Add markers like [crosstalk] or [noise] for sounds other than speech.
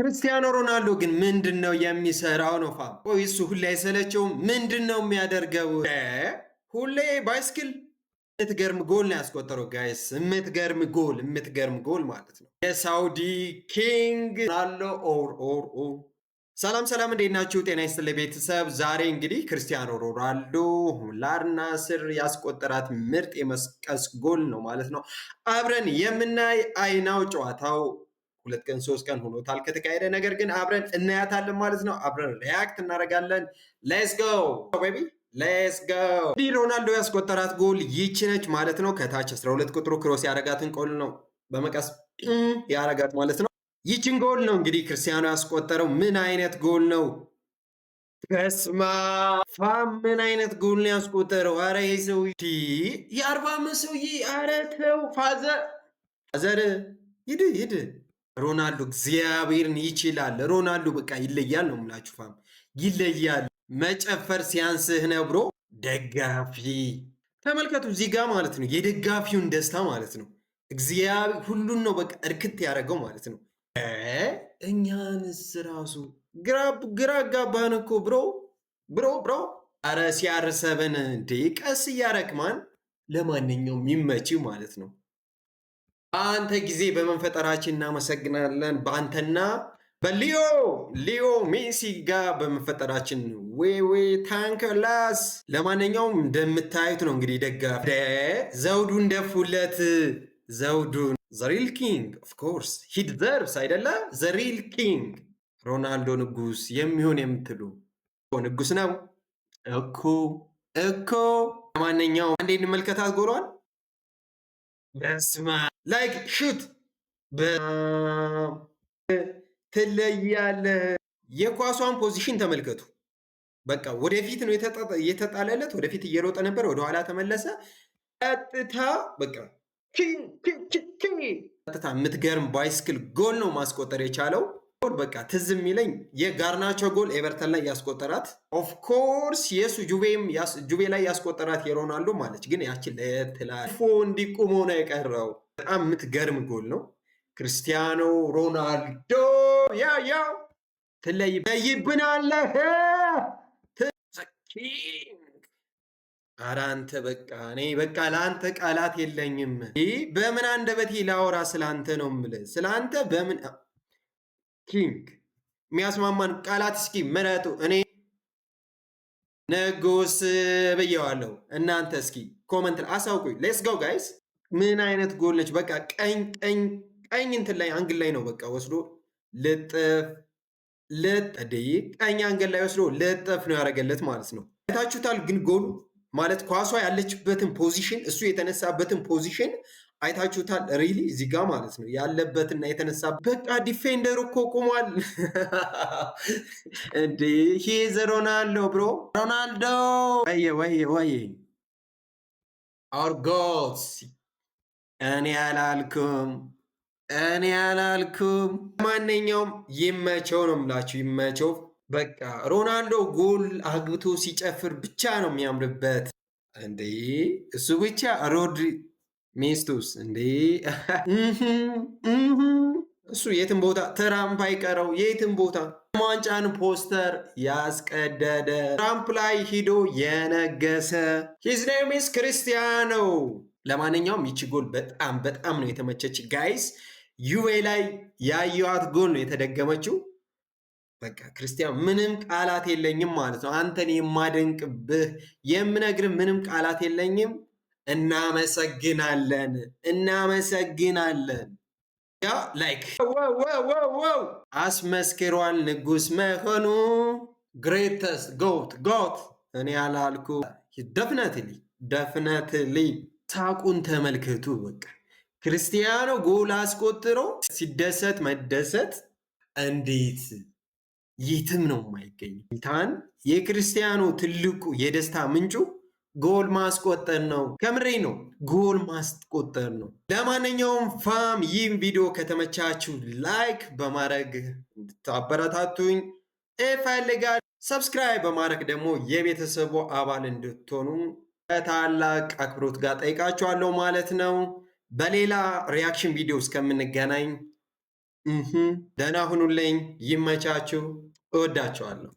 ክርስቲያኖ ሮናልዶ ግን ምንድን ነው የሚሰራው? ነው ፋ ቆይ እሱ ሁሌ አይሰለቸውም? ምንድን ነው የሚያደርገው? ሁሌ ባይስክል። የምትገርም ጎል ነው ያስቆጠረው ጋይስ፣ የምትገርም ጎል፣ የምትገርም ጎል ማለት ነው። የሳውዲ ኪንግ ሮናልዶ ኦር ኦር ኦር ሰላም ሰላም፣ እንዴት ናችሁ? ጤና ይስጥልኝ ቤተሰብ። ዛሬ እንግዲህ ክርስቲያኖ ሮናልዶ ላርና ስር ያስቆጠራት ምርጥ የመስቀስ ጎል ነው ማለት ነው አብረን የምናይ አይናው ጨዋታው ሁለት ቀን ሶስት ቀን ሆኖታል ከተካሄደ። ነገር ግን አብረን እናያታለን ማለት ነው። አብረን ሪያክት እናደርጋለን። ሌስ ጎ ቤቢ ሌስ ጎ። እንዲህ ሮናልዶ ያስቆጠራት ጎል ይቺ ነች ማለት ነው። ከታች 12 ቁጥሩ ክሮስ ያረጋትን ቆል ነው በመቀስ ያረጋት ማለት ነው። ይችን ጎል ነው እንግዲህ ክርስቲያኖ ያስቆጠረው። ምን አይነት ጎል ነው? በስማ ፋም ምን አይነት ጎል ነው ያስቆጠረው? አረ ይሄ ሰውዬ የአርባ አምስት ሰውዬ አረ ተው ፋዘር ፋዘር ሂድ ሂድ ሮናልዶ እግዚአብሔርን ይችላል። ሮናልዶ በቃ ይለያል ነው የምላችሁ ፋም ይለያል። መጨፈር ሲያንስህ ነብሮ ደጋፊ ተመልከቱ፣ እዚህ ጋር ማለት ነው የደጋፊውን ደስታ ማለት ነው እግዚአብሔር ሁሉን ነው በቃ እርክት ያደረገው ማለት ነው። እኛንስ ራሱ ግራ ጋባን እኮ ብሮ ብሮ ብሮ አረ ሲያርሰበን እንዴ ቀስ እያረክማን ለማንኛውም የሚመችው ማለት ነው። በአንተ ጊዜ በመፈጠራችን እናመሰግናለን። በአንተና በሊዮ ሊዮ ሜሲ ጋር በመፈጠራችን ዌዌ ታንክላስ። ለማንኛውም እንደምታዩት ነው እንግዲህ ደጋፊ ዘውዱን ደፉለት። ዘውዱን ዘሪል ኪንግ ኦፍኮርስ ሂድ ዘርስ አይደለ? ዘሪል ኪንግ ሮናልዶ ንጉስ የሚሆን የምትሉ ንጉስ ነው እኮ እኮ። ለማንኛውም አንዴ እንመልከታት ጎሯል በስማ ላይክ ሹት ትለያለህ። የኳሷን ፖዚሽን ተመልከቱ። በቃ ወደፊት ነው የተጣለለት። ወደፊት እየሮጠ ነበር፣ ወደኋላ ተመለሰ። ቀጥታ በቃ ቀጥታ የምትገርም ባይስክል ጎል ነው ማስቆጠር የቻለው። ቢሆን በቃ ትዝ የሚለኝ የጋርናቸው ጎል ኤቨርተን ላይ ያስቆጠራት፣ ኦፍኮርስ የሱ ጁቬ ላይ ያስቆጠራት የሮናልዶ ማለች፣ ግን ያችን ለትላ ፎ እንዲቁሞ ነው የቀረው። በጣም የምትገርም ጎል ነው። ክርስቲያኖ ሮናልዶ ያ ያው ትለይ ትለይብናለህ። ኧረ አንተ በቃ እኔ በቃ ለአንተ ቃላት የለኝም። በምን አንደበቴ ላወራ ስለ አንተ ነው የምልህ። ስለአንተ በምን ኪንግ የሚያስማማን ቃላት እስኪ ምረጡ። እኔ ንጉስ ብየዋለሁ። እናንተ እስኪ ኮመንት አሳውቁኝ። ሌስ ጎ ጋይስ። ምን አይነት ጎል ነች? በቃ ቀኝ ቀኝ ቀኝ እንትን ላይ አንግል ላይ ነው በቃ ወስዶ ልጥፍ ልጥ ቀኝ አንግል ላይ ወስዶ ልጥፍ ነው ያደረገለት ማለት ነው። ታችሁታል ግን ጎሉ ማለት ኳሷ ያለችበትን ፖዚሽን እሱ የተነሳበትን ፖዚሽን አይታችሁታል። ሪሊ እዚህ ማለት ነው ያለበትና የተነሳ በቃ ዲፌንደር እኮ ቁሟል [laughs] እንዴ! ሂዝ ሮናልዶ ብሮ ሮናልዶ ወየ ወየ ወየ አርጎስ እኔ አላልኩም እኔ አላልኩም። ማንኛውም ይመቸው ነው የምላችሁ፣ ይመቸው በቃ። ሮናልዶ ጎል አግብቶ ሲጨፍር ብቻ ነው የሚያምርበት እንዴ! እሱ ብቻ ሮድሪ ሚስቱስ እንዴ [laughs] እሱ የትም ቦታ ትራምፕ አይቀረው የትም ቦታ ማንጫን ፖስተር ያስቀደደ ትራምፕ ላይ ሂዶ የነገሰ ሂዝ ኔም ኢዝ ክርስቲያኖ። ለማንኛውም ይቺ ጎል በጣም በጣም ነው የተመቸች ጋይስ። ዩቬ ላይ ያየዋት ጎል ነው የተደገመችው። በቃ ክርስቲያን ምንም ቃላት የለኝም ማለት ነው። አንተን የማደንቅብህ የምነግርህ ምንም ቃላት የለኝም። እናመሰግናለን እናመሰግናለን። ያ ላይክ አስመስክሯል ንጉስ መሆኑ ግሬተስ ጎት ጎት እኔ ያላልኩ ደፍነትሊ ደፍነትሊ ሳቁን ተመልከቱ። በቃ ክርስቲያኖ ጎል አስቆጥሮ ሲደሰት መደሰት እንዴት የትም ነው የማይገኝ ታን የክርስቲያኖ ትልቁ የደስታ ምንጩ ጎል ማስቆጠር ነው። ከምሬ ነው፣ ጎል ማስቆጠር ነው። ለማንኛውም ፋም ይህም ቪዲዮ ከተመቻችሁ ላይክ በማድረግ እንድታበረታቱኝ እፈልጋለሁ። ሰብስክራይብ በማድረግ ደግሞ የቤተሰቡ አባል እንድትሆኑ ከታላቅ አክብሮት ጋር ጠይቃችኋለሁ ማለት ነው። በሌላ ሪያክሽን ቪዲዮ እስከምንገናኝ ደህና ሁኑልኝ። ይመቻችሁ። እወዳችኋለሁ።